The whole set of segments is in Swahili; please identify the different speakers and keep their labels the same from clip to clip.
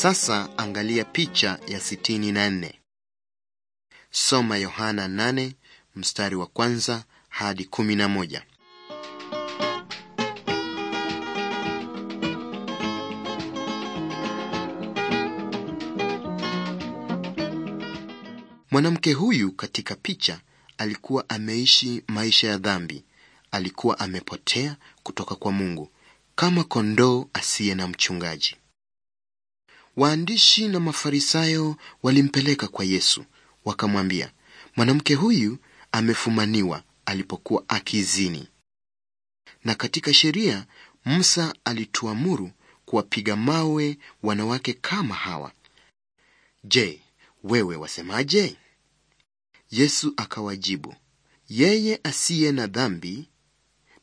Speaker 1: Sasa angalia picha ya 64. Soma Yohana nane mstari wa kwanza hadi moja. Mwanamke huyu katika picha alikuwa ameishi maisha ya dhambi. Alikuwa amepotea kutoka kwa Mungu kama kondoo asiye na mchungaji. Waandishi na Mafarisayo walimpeleka kwa Yesu, wakamwambia, mwanamke huyu amefumaniwa alipokuwa akizini, na katika sheria Musa alituamuru kuwapiga mawe wanawake kama hawa. Je, wewe wasemaje? Yesu akawajibu, yeye asiye na dhambi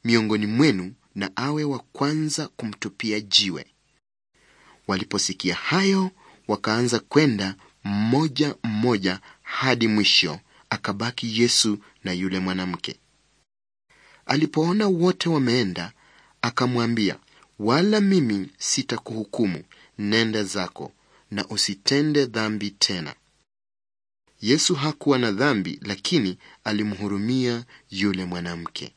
Speaker 1: miongoni mwenu na awe wa kwanza kumtupia jiwe. Waliposikia hayo, wakaanza kwenda mmoja mmoja hadi mwisho, akabaki Yesu na yule mwanamke. Alipoona wote wameenda, akamwambia, wala mimi sitakuhukumu, nenda zako na usitende dhambi tena. Yesu hakuwa na dhambi, lakini alimhurumia yule mwanamke.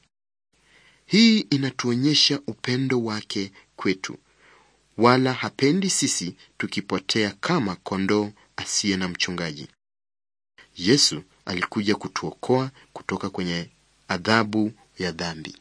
Speaker 1: Hii inatuonyesha upendo wake kwetu wala hapendi sisi tukipotea kama kondoo asiye na mchungaji. Yesu alikuja kutuokoa kutoka kwenye adhabu ya dhambi.